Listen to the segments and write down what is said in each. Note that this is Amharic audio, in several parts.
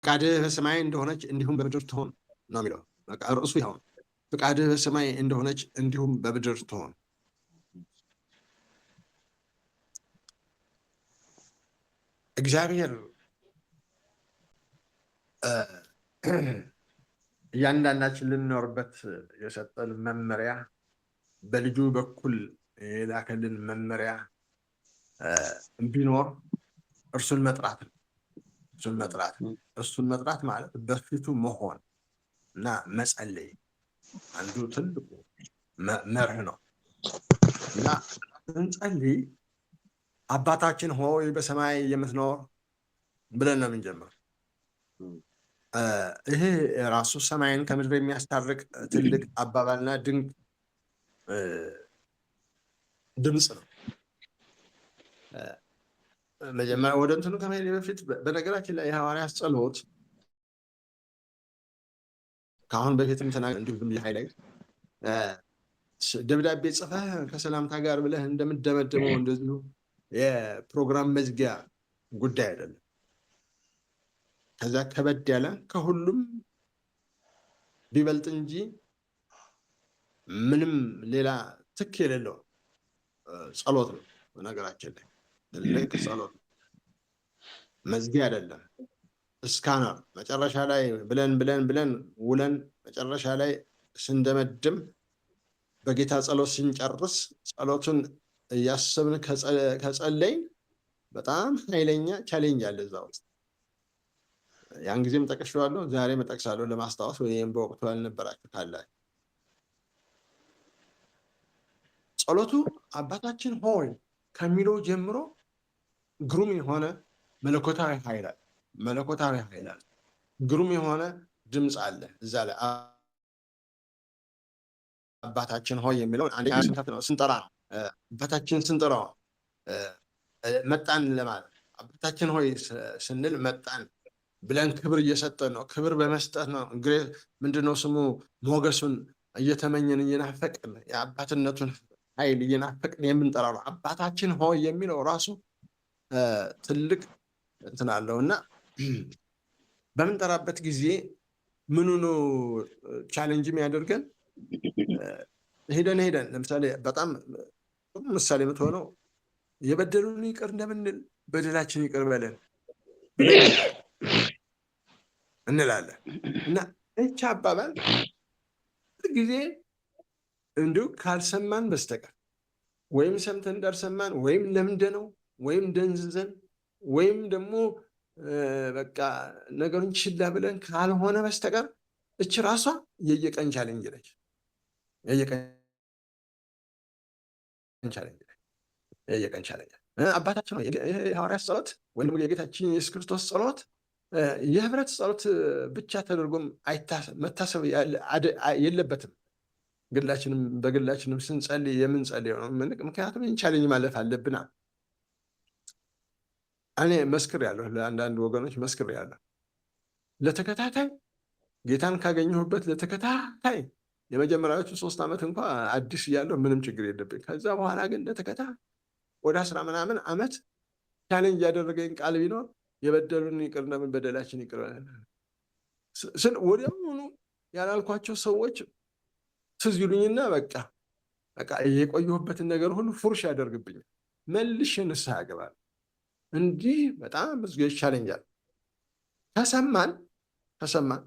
ፍቃድህ በሰማይ እንደሆነች እንዲሁም በምድር ትሆን ነው የሚለው ርዕሱ ይኸው ነው። ፍቃድህ በሰማይ እንደሆነች እንዲሁም በምድር ትሆን። እግዚአብሔር እያንዳንዳችን ልንኖርበት የሰጠን መመሪያ በልጁ በኩል የላከልን መመሪያ ቢኖር እርሱን መጥራት ነው። እሱን መጥራት እሱን መጥራት ማለት በፊቱ መሆን እና መጸለይ አንዱ ትልቁ መርህ ነው እና እንጸልይ። አባታችን ሆይ በሰማይ የምትኖር ብለን ነው የምንጀምር። ይሄ ራሱ ሰማይን ከምድር የሚያስታርቅ ትልቅ አባባልና ድንቅ ድምፅ ነው። መጀመሪያ ወደ እንትኑ ከመሄድ በፊት በነገራችን ላይ የሐዋርያት ጸሎት ከአሁን በፊትም ተና እንዲሁም የሀይለ ደብዳቤ ጽፈህ ከሰላምታ ጋር ብለህ እንደምደመደመው እንደዚሁ የፕሮግራም መዝጊያ ጉዳይ አይደለም። ከዚያ ከበድ ያለ ከሁሉም ቢበልጥ እንጂ ምንም ሌላ ትክ የሌለው ጸሎት ነው በነገራችን ላይ ልክ ጸሎት መዝጊያ አይደለም፣ እስካነር መጨረሻ ላይ ብለን ብለን ብለን ውለን መጨረሻ ላይ ስንደመድም በጌታ ጸሎት ስንጨርስ ጸሎቱን እያሰብን ከጸለይን በጣም ኃይለኛ ቻሌንጅ አለ እዛ ውስጥ። ያን ጊዜም ጠቅሼዋለሁ፣ ዛሬም እጠቅሳለሁ ለማስታወስ ወይም በወቅቱ ያልነበራችሁ ካላችሁ። ጸሎቱ አባታችን ሆይ ከሚለው ጀምሮ ግሩም የሆነ መለኮታዊ ኃይል መለኮታዊ ኃይል ግሩም የሆነ ድምፅ አለ እዛ ላይ አባታችን ሆይ የሚለውን ስንጠራ ነው። አባታችን ስንጠራ መጣን ለማለት አባታችን ሆይ ስንል መጣን ብለን ክብር እየሰጠን ነው። ክብር በመስጠት ነው። እንግዲህ ምንድነው ስሙ ሞገሱን እየተመኘን እየናፈቅን የአባትነቱን ኃይል እየናፈቅን የምንጠራ ነው። አባታችን ሆይ የሚለው ራሱ ትልቅ እንትን አለው እና በምንጠራበት ጊዜ ምኑኑ ቻሌንጅ የሚያደርገን ሄደን ሄደን ለምሳሌ በጣም ምሳሌ የምትሆነው የበደሉን ይቅር እንደምንል በደላችን ይቅር በለን እንላለን እና እች አባባል ጊዜ እንዲሁ ካልሰማን በስተቀር ወይም ሰምተን እንዳልሰማን ወይም ነው? ወይም ደንዝዘን ወይም ደግሞ በቃ ነገሩን ችላ ብለን ካልሆነ በስተቀር እች ራሷ የየቀን ቻለንጅ ነች። የየቀን ቻለንጅ አባታችን ነው። የሐዋርያት ጸሎት ወይም የጌታችን የሱስ ክርስቶስ ጸሎት የህብረት ጸሎት ብቻ ተደርጎም መታሰብ የለበትም። ግላችንም በግላችንም ስንጸልይ የምንጸልይ ምክንያቱም ቻለንጅ ማለፍ አለብና እኔ መስክር መስክሬያለሁ፣ ለአንዳንድ ወገኖች መስክር መስክሬያለሁ። ለተከታታይ ጌታን ካገኘሁበት ለተከታታይ የመጀመሪያዎቹ ሶስት ዓመት እንኳ አዲስ እያለሁ ምንም ችግር የለብኝ። ከዛ በኋላ ግን ለተከታ ወደ አስራ ምናምን ዓመት ቻሌንጅ እያደረገኝ ቃል ቢኖር የበደሉን ይቅር እንደምን በደላችን ይቅር ስል ወዲያውኑ ያላልኳቸው ሰዎች ትዝ ይሉኝና በቃ በቃ የቆየሁበትን ነገር ሁሉ ፉርሽ ያደርግብኝ መልሼ ንስሐ ያገባል። እንዲህ በጣም ብዙ ይቻለኛል። ከሰማን ከሰማን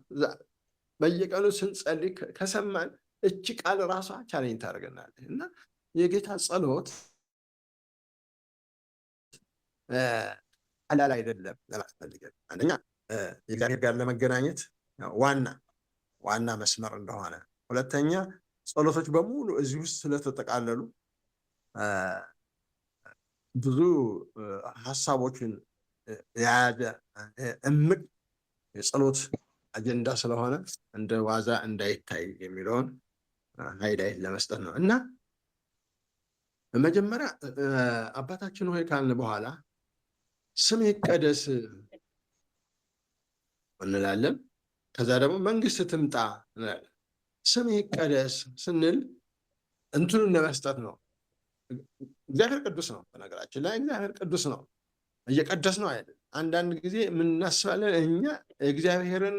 በየቀኑ ስንጸልይ ከሰማን እች ቃል ራሷ ቻለኝ ታደርገናለች እና የጌታ ጸሎት ቀላል አይደለም ለማለት አንደኛ የእግዚአብሔር ጋር ለመገናኘት ዋና ዋና መስመር እንደሆነ፣ ሁለተኛ ጸሎቶች በሙሉ እዚህ ውስጥ ስለተጠቃለሉ ብዙ ሀሳቦችን የያዘ እምቅ የጸሎት አጀንዳ ስለሆነ እንደ ዋዛ እንዳይታይ የሚለውን ሀይላይት ለመስጠት ነው እና በመጀመሪያ አባታችን ሆይ ካልን በኋላ ስም ይቀደስ እንላለን። ከዛ ደግሞ መንግስት ትምጣ እንላለን። ስም ይቀደስ ስንል እንትኑን ለመስጠት ነው እግዚአብሔር ቅዱስ ነው። በነገራችን ላይ እግዚአብሔር ቅዱስ ነው። እየቀደስ ነው አይደል? አንዳንድ ጊዜ የምናስባለን እኛ እግዚአብሔርን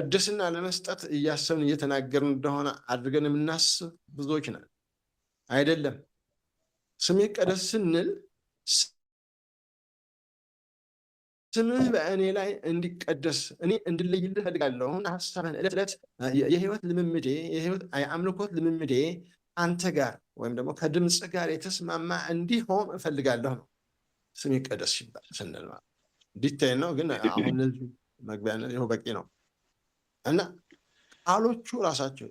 ቅድስና ለመስጠት እያሰብን እየተናገርን እንደሆነ አድርገን የምናስብ ብዙዎች ነን። አይደለም። ስሜ ቀደስ ስንል ስምህ በእኔ ላይ እንዲቀደስ እኔ እንድለይልህ እፈልጋለሁ። አሁን ሀሳብህን ዕለት ዕለት የህይወት ልምምዴ የህይወት የአምልኮት ልምምዴ አንተ ጋር ወይም ደግሞ ከድምፅ ጋር የተስማማ እንዲሆን እፈልጋለሁ ነው። ስም ይቀደስ ይባል ስንል ማለት ዲቴይል ነው፣ ግን አሁን መግቢያ ይኸው በቂ ነው እና ቃሎቹ ራሳቸው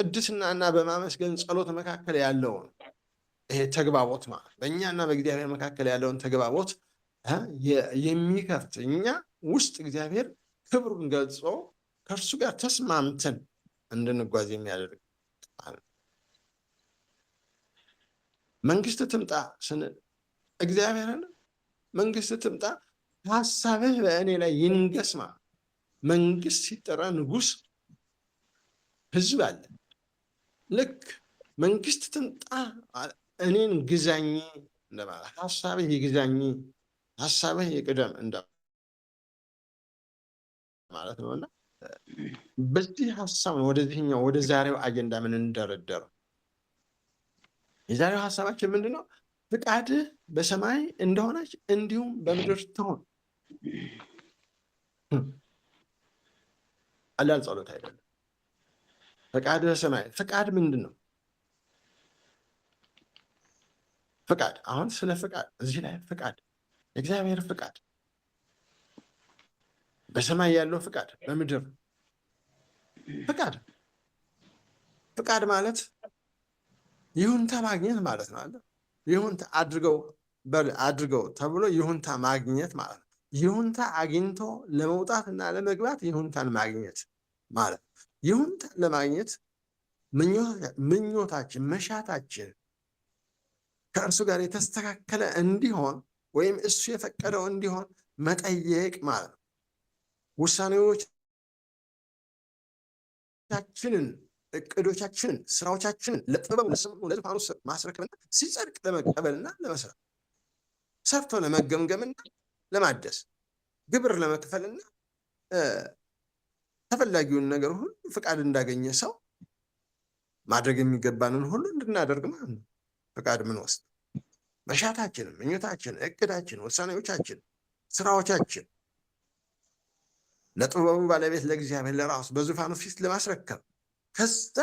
ቅድስና እና በማመስገን ጸሎት መካከል ያለውን ይሄ ተግባቦት ማለት እና በእግዚአብሔር መካከል ያለውን ተግባቦት የሚከፍት እኛ ውስጥ እግዚአብሔር ክብሩን ገልጾ ከእርሱ ጋር ተስማምተን እንድንጓዝ የሚያደርግ መንግስት ትምጣ ስንል እግዚአብሔርን መንግስት ትምጣ፣ ሀሳብህ በእኔ ላይ ይንገስማ። መንግስት ሲጠራ ንጉስ ህዝብ አለ። ልክ መንግስት ትምጣ እኔን ግዛኝ እንደማለት ሀሳብህ ይግዛኝ፣ ሀሳብህ ይቅደም እንደ ማለት ነው እና በዚህ ሀሳብ ነው ወደዚህኛው ወደ ዛሬው አጀንዳ ምን እንደረደረው የዛሬው ሀሳባችን ምንድን ነው? ፍቃድህ በሰማይ እንደሆነች እንዲሁም በምድር ትሆን። ቀላል ጸሎት አይደለም። ፍቃድ በሰማይ ፍቃድ ምንድን ነው? ፍቃድ አሁን ስለ ፍቃድ እዚህ ላይ ፍቃድ የእግዚአብሔር ፍቃድ በሰማይ ያለው ፍቃድ በምድር ፍቃድ ፍቃድ ማለት ይሁንታ ማግኘት ማለት ነው። አለ ይሁንታ አድርገው በል አድርገው ተብሎ ይሁንታ ማግኘት ማለት ነው። ይሁንታ አግኝቶ ለመውጣት እና ለመግባት ይሁንታን ማግኘት ማለት ነው። ይሁንታ ለማግኘት ምኞታችን፣ መሻታችን ከእርሱ ጋር የተስተካከለ እንዲሆን ወይም እሱ የፈቀደው እንዲሆን መጠየቅ ማለት ነው። ውሳኔዎቻችንን እቅዶቻችንን፣ ስራዎቻችንን ለጥበቡ፣ ለስብሩ፣ ለልፋኑ ማስረከብና ሲጸድቅ ለመቀበልና ለመስራት ሰርቶ ለመገምገምና ለማደስ ግብር ለመክፈልና ተፈላጊውን ነገር ሁሉ ፍቃድ እንዳገኘ ሰው ማድረግ የሚገባንን ሁሉ እንድናደርግ ማለት ነው። ፍቃድ ምን ወስድ መሻታችን፣ ምኞታችን፣ እቅዳችን፣ ውሳኔዎቻችን፣ ስራዎቻችን ለጥበቡ ባለቤት ለእግዚአብሔር ለራሱ በዙፋኑ ፊት ለማስረከብ ከዛ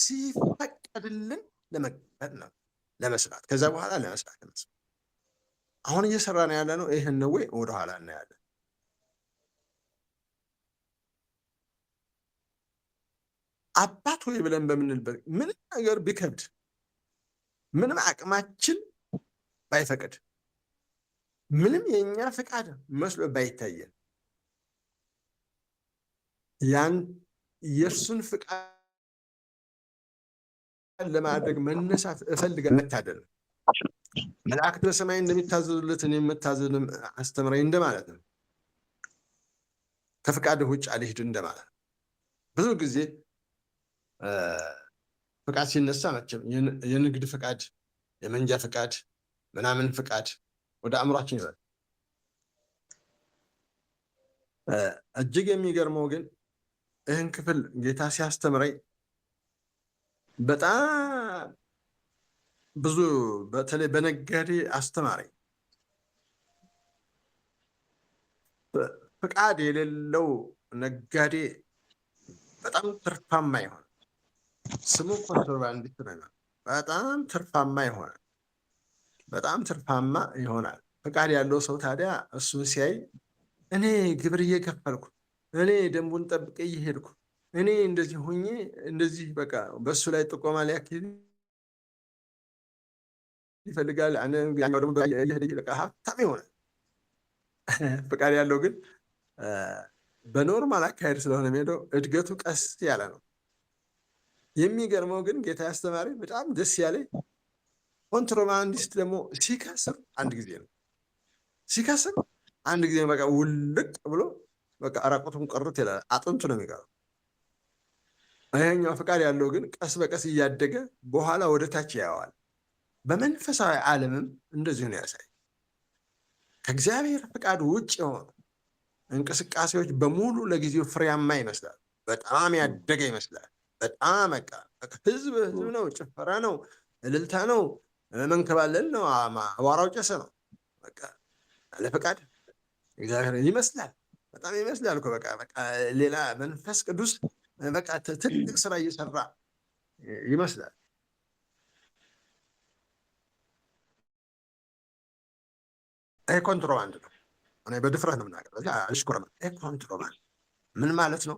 ሲፈቀድልን ለመቀጠል ነው ለመስራት ከዛ በኋላ ለመስራት ለመስራት አሁን እየሰራ ነው ያለ ነው። ይህን ወይ ወደኋላ እናያለን። አባት ወይ ብለን በምንልበት ምንም ነገር ቢከብድ ምንም አቅማችን ባይፈቅድ ምንም የእኛ ፍቃድ መስሎ ባይታየን ያን የእርሱን ፍቃድ ለማድረግ መነሳት እፈልጋለሁ። መታደል መላእክት በሰማይ እንደሚታዘዙለት እኔ የምታዘዝ አስተምረኝ እንደማለት ነው። ከፍቃድ ውጭ አልሄድ እንደማለት ነው። ብዙ ጊዜ ፍቃድ ሲነሳ መቼም የንግድ ፍቃድ፣ የመንጃ ፍቃድ፣ ምናምን ፍቃድ ወደ አእምሯችን ይበል። እጅግ የሚገርመው ግን ይህን ክፍል ጌታ ሲያስተምረኝ በጣም ብዙ በተለይ በነጋዴ አስተማሪ ፍቃድ የሌለው ነጋዴ በጣም ትርፋማ ይሆናል። ስሙ ኮንትሮባንዲስት ነው። በጣም ትርፋማ ይሆናል። በጣም ትርፋማ ይሆናል። ፍቃድ ያለው ሰው ታዲያ እሱን ሲያይ እኔ ግብር እየከፈልኩ እኔ ደንቡን ጠብቄ እየሄድኩ እኔ እንደዚህ ሁኜ እንደዚህ በቃ በእሱ ላይ ጥቆማ ሊያካሄድ ይፈልጋል። ያኛው ደግሞ በቃ ሀብታም ይሆናል። ፍቃድ ያለው ግን በኖርማል አካሄድ ስለሆነ የሚሄደው እድገቱ ቀስ ያለ ነው። የሚገርመው ግን ጌታ ያስተማሪ በጣም ደስ ያለ ኮንትሮባንዲስት ደግሞ ሲከስር አንድ ጊዜ ነው። ሲከስር አንድ ጊዜ በቃ ውልቅ ብሎ በቃ ራቁቱን ቀርት ይላል። አጥንቱ ነው የሚቀረው። ይሄኛው ፈቃድ ያለው ግን ቀስ በቀስ እያደገ በኋላ ወደ ታች ያየዋል። በመንፈሳዊ ዓለምም እንደዚሁ ነው ያሳይ። ከእግዚአብሔር ፈቃድ ውጭ የሆኑ እንቅስቃሴዎች በሙሉ ለጊዜው ፍሬያማ ይመስላል። በጣም ያደገ ይመስላል። በጣም በቃ ህዝብ ህዝብ ነው፣ ጭፈራ ነው፣ እልልታ ነው፣ መንከባለል ነው፣ አቧራው ጨሰ ነው። በቃ አለ እግዚአብሔር ይመስላል። በጣም ይመስላል በቃ በቃ ሌላ መንፈስ ቅዱስ በቃ ትልቅ ስራ እየሰራ ይመስላል። ይሄ ኮንትሮባንድ ነው። እኔ በድፍረት ነው የምናገረው። አሽኩረም ኮንትሮባንድ ምን ማለት ነው?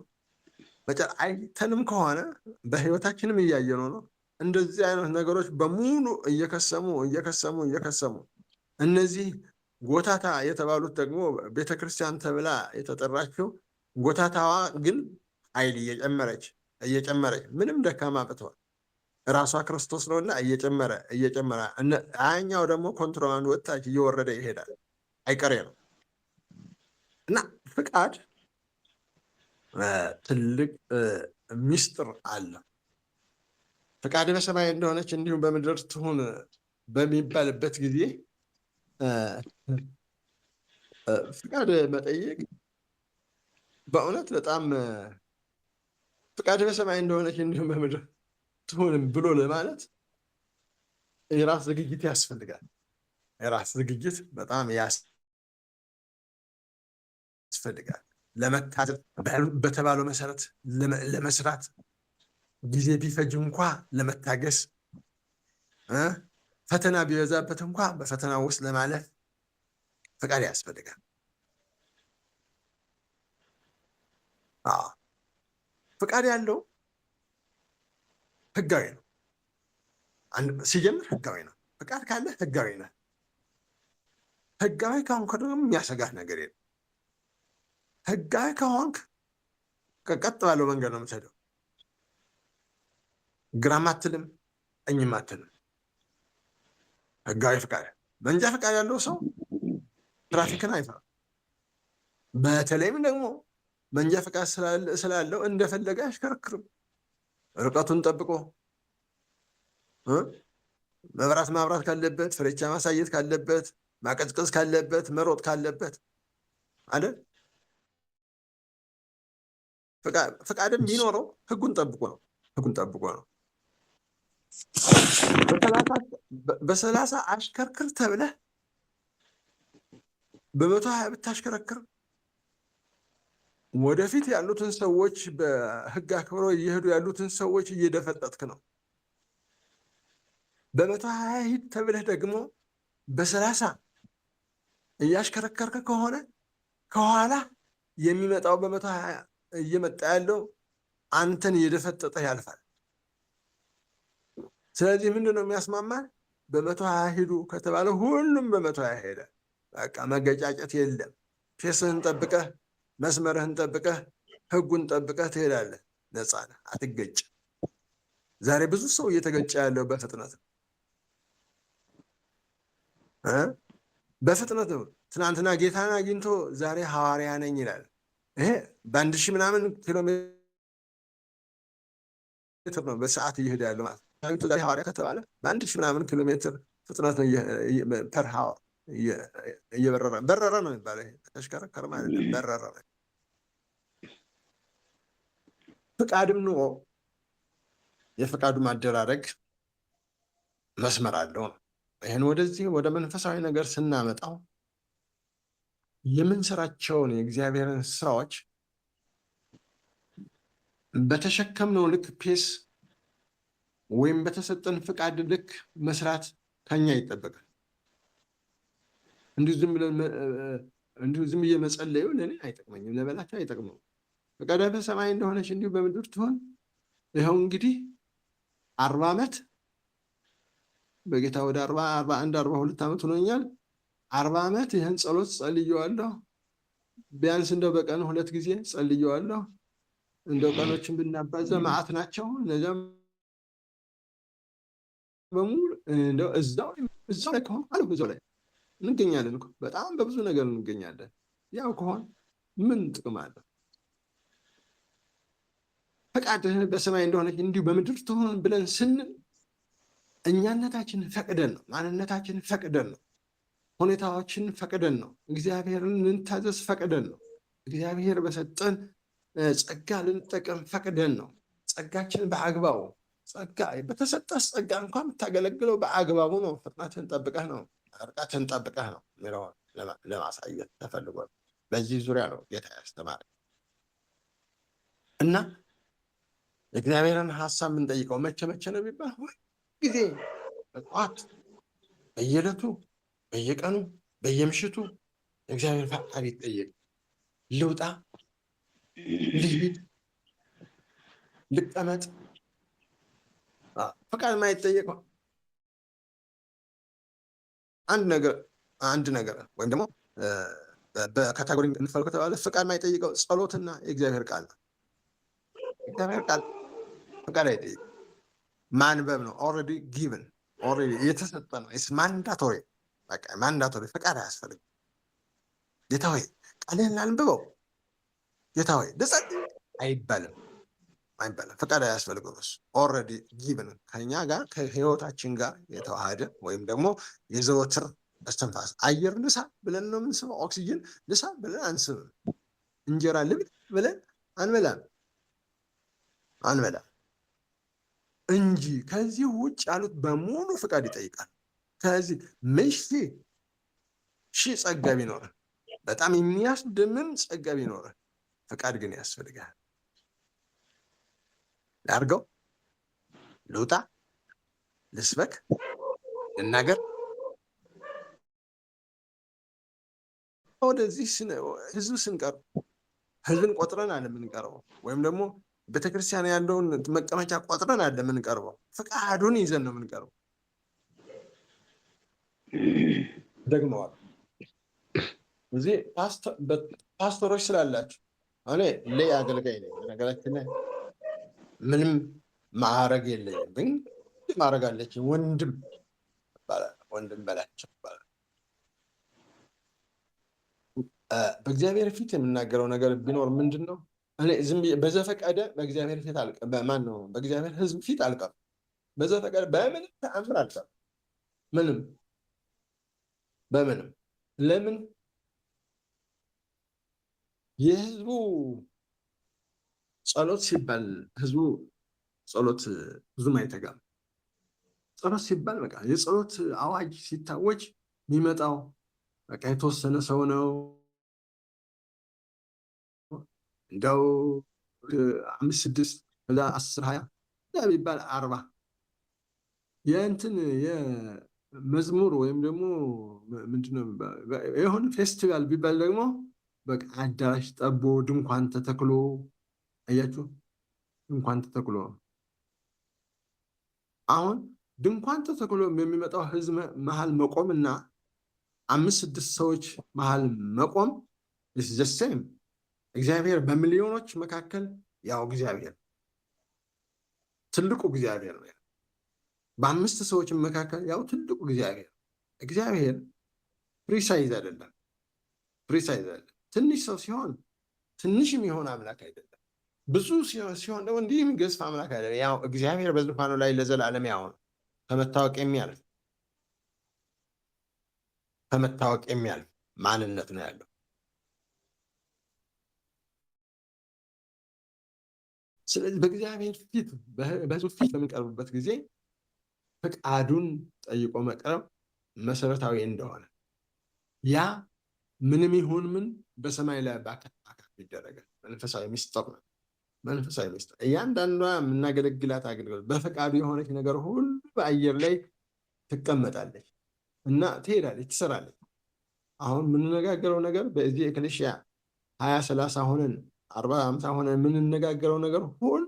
በጨ አይተንም ከሆነ በህይወታችንም እያየነው ነው። እንደዚህ አይነት ነገሮች በሙሉ እየከሰሙ እየከሰሙ እየከሰሙ እነዚህ ጎታታ የተባሉት ደግሞ ቤተክርስቲያን ተብላ የተጠራችው ጎታታዋ ግን ኃይል እየጨመረች እየጨመረች ምንም ደካማ ብትሆን ራሷ ክርስቶስ ነውና እየጨመረ እየጨመረ አያኛው ደግሞ ኮንትሮባንድ ወታች እየወረደ ይሄዳል። አይቀሬ ነው እና ፍቃድ ትልቅ ሚስጥር አለ። ፍቃድ በሰማይ እንደሆነች እንዲሁም በምድር ትሁን በሚባልበት ጊዜ ፍቃድ መጠየቅ በእውነት በጣም ፍቃድ በሰማይ እንደሆነ እንዲሁም በምድር ትሆንም ብሎ ለማለት የራስ ዝግጅት ያስፈልጋል። የራስ ዝግጅት በጣም ያስፈልጋል። ለመታዘብ በተባለው መሰረት ለመስራት ጊዜ ቢፈጅ እንኳ ለመታገስ ፈተና ቢበዛበት እንኳ በፈተና ውስጥ ለማለፍ ፈቃድ ያስፈልጋል። ፍቃድ ያለው ህጋዊ ነው። ሲጀምር ህጋዊ ነው። ፍቃድ ካለ ህጋዊ ነህ። ህጋዊ ከሆንክ ደግሞ የሚያሰጋህ ነገር የለም። ህጋዊ ከሆንክ ቀጥ ባለው መንገድ ነው የምትሄደው። ግራም አትልም፣ እኝም አትልም። ህጋዊ ፍቃድ። መንጃ ፍቃድ ያለው ሰው ትራፊክን አይፈራም። በተለይም ደግሞ መንጃ ፈቃድ ስላለው እንደፈለገ አያሽከረክርም። ርቀቱን ጠብቆ መብራት ማብራት ካለበት፣ ፍሬቻ ማሳየት ካለበት፣ ማቀዝቀዝ ካለበት፣ መሮጥ ካለበት አለ ፈቃድም ቢኖረው ህጉን ጠብቆ ነው። ህጉን ጠብቆ ነው። በሰላሳ አሽከርክር ተብለህ በመቶ ሀያ ብታሽከረክር ወደፊት ያሉትን ሰዎች በህግ አክብሮ እየሄዱ ያሉትን ሰዎች እየደፈጠጥክ ነው። በመቶ ሀያ ሂድ ተብለህ ደግሞ በሰላሳ እያሽከረከርክ ከሆነ ከኋላ የሚመጣው በመቶ ሀያ እየመጣ ያለው አንተን እየደፈጠጠ ያልፋል። ስለዚህ ምንድን ነው በመቶ ሀያ ሂዱ ከተባለ ሁሉም በመቶ ሀያ ሄደ። በቃ መገጫጨት የለም። ፌስህን ጠብቀህ መስመርህን ጠብቀህ ህጉን ጠብቀህ ትሄዳለህ። ነፃ ነህ፣ አትገጭም። ዛሬ ብዙ ሰው እየተገጨ ያለው በፍጥነት ነው በፍጥነት ነው። ትናንትና ጌታን አግኝቶ ዛሬ ሐዋርያ ነኝ ይላል። ይሄ በአንድ ሺህ ምናምን ኪሎ ሜትር ነው በሰዓት እየሄደ ያለው ማለት ነው። ሐዋርያ ከተባለ በአንድ ሺህ ምናምን ኪሎ ሜትር ፍጥነት ነው ፐር ሀወር እየበረረ በረረ ነው የሚባለው። ተሽከረከረ ማለት በረረ። ፍቃድም ኑሮ የፍቃዱ ማደራረግ መስመር አለው ነው። ይህን ወደዚህ ወደ መንፈሳዊ ነገር ስናመጣው የምንሰራቸውን የእግዚአብሔርን ስራዎች በተሸከምነው ልክ ፔስ ወይም በተሰጠን ፍቃድ ልክ መስራት ከኛ ይጠበቃል። እንዲሁ ዝም ብለን እንዲሁ ዝም ብዬ መጸለዩ ለእኔ አይጠቅመኝም፣ ለበላቸው አይጠቅመው። በቀደፈ ሰማይ እንደሆነች እንዲሁ በምድር ትሆን። ይኸው እንግዲህ አርባ ዓመት በጌታ ወደ አርባ አርባ አንድ አርባ ሁለት ዓመት ሆኖኛል። አርባ ዓመት ይህን ጸሎት ጸልየዋለሁ። ቢያንስ እንደው በቀን ሁለት ጊዜ ጸልየዋለሁ። እንደው ቀኖችን ብናባዛ መዓት ናቸው። እነዚያም በሙሉ እዛው ላይ ከሆኑ አለ እዛው ላይ እንገኛለን። በጣም በብዙ ነገር እንገኛለን። ያው ከሆን ምን ጥቅም አለ? ፈቃድህ በሰማይ እንደሆነች እንዲሁ በምድር ትሆን ብለን ስንል እኛነታችን ፈቅደን ነው፣ ማንነታችን ፈቅደን ነው፣ ሁኔታዎችን ፈቅደን ነው፣ እግዚአብሔርን ልንታዘዝ ፈቅደን ነው፣ እግዚአብሔር በሰጠን ጸጋ ልንጠቀም ፈቅደን ነው። ጸጋችን በአግባቡ ጸጋ ጸጋ እንኳን የምታገለግለው በአግባቡ ነው። ፍጥነትህን ጠብቀህ ነው። ርቀትን ጠብቀህ ነው የሚለውን ለማሳየት ተፈልጎ በዚህ ዙሪያ ነው ጌታ ያስተማረ እና እግዚአብሔርን ሀሳብ የምንጠይቀው መቼ መቼ ነው ቢባል ሁል ጊዜ በጠዋት በየዕለቱ በየቀኑ በየምሽቱ እግዚአብሔር ፈቃድ ይጠየቅ። ልውጣ፣ ልሂድ፣ ልቀመጥ ፈቃድ ይጠየቀው አንድ ነገር አንድ ነገር ወይም ደግሞ በካታጎሪ እንፈል ከተባለ ፍቃድ የማይጠይቀው ጸሎትና የእግዚአብሔር ቃል ነው። እግዚአብሔር ቃል ፍቃድ አይጠይቅም። ማንበብ ነው። ኦልሬዲ ጊቭን ኦልሬዲ የተሰጠ ነው። ማንዳቶሪ ማንዳቶሪ ፍቃድ አያስፈልግም። ጌታ ሆይ ቃልህን ላንብበው፣ ጌታ ሆይ ልጸልይ አይባልም። አይባልም። ፈቃድ አያስፈልገው እሱ ኦልሬዲ ጊቭን ከኛ ጋር ከህይወታችን ጋር የተዋሃደ ወይም ደግሞ የዘወትር እስትንፋስ አየር ልሳ ብለን ነው የምንስበው። ኦክሲጅን ልሳ ብለን አንስብም። እንጀራ ልብ ብለን አንበላም አንበላም እንጂ ከዚህ ውጭ ያሉት በሙሉ ፍቃድ ይጠይቃል። ከዚህ ምሽ ሺህ ጸጋ ቢኖረን በጣም የሚያስደምም ጸጋ ቢኖረን ፍቃድ ግን ያስፈልጋል። ላርገው፣ ልውጣ፣ ልስበክ፣ ልናገር ወደዚህ ህዝብ ስንቀርብ ህዝብን ቆጥረን አለ የምንቀርበው፣ ወይም ደግሞ ቤተክርስቲያን ያለውን መቀመጫ ቆጥረን አለ የምንቀርበው። ፈቃዱን ይዘን ነው የምንቀርበው። ደግመዋል። እዚህ ፓስተሮች ስላላችሁ እኔ ሌ አገልጋይ ነገራችን ምንም ማዕረግ የለኝም፣ ግን ማዕረግ አለች ወንድም ይባላል፣ ወንድም በላቸው ይባላል። በእግዚአብሔር ፊት የምናገረው ነገር ቢኖር ምንድን ነው? በዘፈቀደ በእግዚአብሔር ፊት ማን ነው? በእግዚአብሔር ሕዝብ ፊት አልቀርም። በዘፈቀደ በምንም ተአምር አልቀርም። ምንም በምንም ለምን የህዝቡ ጸሎት ሲባል ህዝቡ ጸሎት ብዙም አይተጋም። ጸሎት ሲባል በቃ የጸሎት አዋጅ ሲታወጅ የሚመጣው በቃ የተወሰነ ሰው ነው። እንደው አምስት ስድስት ከዛ አስር ሀያ ዛ ቢባል አርባ የእንትን የመዝሙር ወይም ደግሞ ምንድነው የሆነ ፌስቲቫል ቢባል ደግሞ በቃ አዳራሽ ጠቦ ድንኳን ተተክሎ አያችሁ፣ ድንኳን ተተክሎ አሁን ድንኳን ተተክሎ የሚመጣው ህዝብ መሀል መቆም እና አምስት ስድስት ሰዎች መሀል መቆም ዘሴም እግዚአብሔር በሚሊዮኖች መካከል ያው እግዚአብሔር ትልቁ እግዚአብሔር ነው። በአምስት ሰዎች መካከል ያው ትልቁ እግዚአብሔር እግዚአብሔር ፕሪሳይዝ አይደለም፣ ፕሪሳይዝ አይደለም። ትንሽ ሰው ሲሆን ትንሽም የሆነ አምላክ አይደለም። ብዙ ሲሆን ደግሞ እንዲህ የሚገዝፍ አምላክ አለ። ያው እግዚአብሔር በዙፋኑ ላይ ለዘላለም ያው ነው። ከመታወቅ የሚያልፍ ከመታወቅ የሚያልፍ ማንነት ነው ያለው። ስለዚህ በእግዚአብሔር ፊት በሕዝቡ ፊት በምንቀርብበት ጊዜ ፈቃዱን ጠይቆ መቅረብ መሰረታዊ እንደሆነ ያ ምንም ይሁን ምን በሰማይ ላይ በአካፍ ይደረጋል። መንፈሳዊ ሚስጥር ነው። መንፈሳዊ መስጠት እያንዳንዷ የምናገለግላት አገልግሎት በፈቃዱ የሆነች ነገር ሁሉ በአየር ላይ ትቀመጣለች እና ትሄዳለች፣ ትሰራለች። አሁን የምንነጋገረው ነገር በዚህ ኤክሌሽያ ሀያ ሰላሳ ሆነን አርባ አምሳ ሆነን የምንነጋገረው ነገር ሁሉ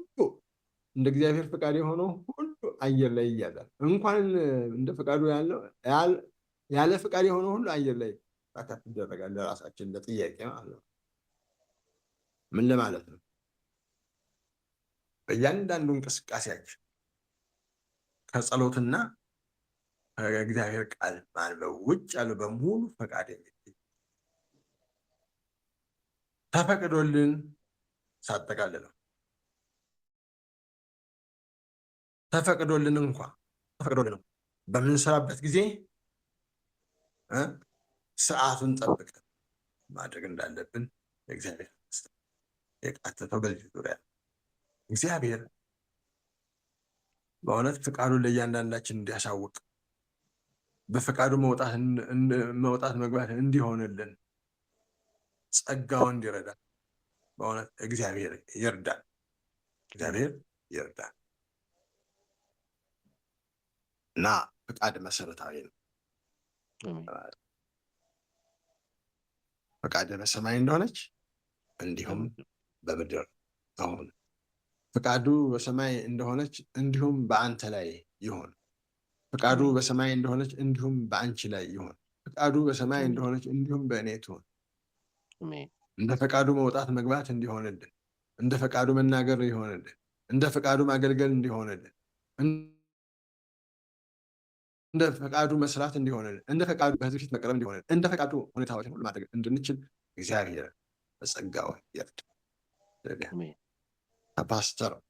እንደ እግዚአብሔር ፈቃድ የሆነው ሁሉ አየር ላይ ይያዛል። እንኳን እንደ ፈቃዱ ያለው ያለ ፈቃድ የሆነው ሁሉ አየር ላይ ካፍ ይደረጋል። ለራሳችን ለጥያቄ ማለት ነው። ምን ለማለት ነው? በእያንዳንዱ እንቅስቃሴያችን ከጸሎትና ከእግዚአብሔር ቃል ማንበብ ውጭ ያሉ በሙሉ ፈቃድ ተፈቅዶልን ሳጠቃልለው ተፈቅዶልን እንኳ ተፈቅዶልን በምንሰራበት ጊዜ ስርዓቱን ጠብቀን ማድረግ እንዳለብን እግዚአብሔር የቃተተው በዚህ ዙሪያ እግዚአብሔር በእውነት ፍቃዱን ለእያንዳንዳችን እንዲያሳውቅ በፈቃዱ መውጣት መግባት እንዲሆንልን ጸጋው እንዲረዳ በእውነት እግዚአብሔር ይርዳል። እግዚአብሔር ይርዳል እና ፍቃድ መሰረታዊ ነው። ፈቃድ በሰማይ እንደሆነች እንዲሁም በምድር አሁን ፍቃዱ በሰማይ እንደሆነች እንዲሁም በአንተ ላይ ይሁን። ፍቃዱ በሰማይ እንደሆነች እንዲሁም በአንቺ ላይ ይሁን። ፍቃዱ በሰማይ እንደሆነች እንዲሁም በእኔ ትሁን። እንደ ፈቃዱ መውጣት መግባት እንዲሆንልን፣ እንደ ፈቃዱ መናገር ይሆንልን፣ እንደ ፈቃዱ ማገልገል እንዲሆንልን፣ እንደ ፈቃዱ መስራት እንዲሆንልን፣ እንደ ፈቃዱ በሕዝብ ፊት መቅረብ እንዲሆንልን፣ እንደ ፈቃዱ ሁኔታዎችን ሁሉ ማድረግ እንድንችል እግዚአብሔር በጸጋው ይርዳን። pastor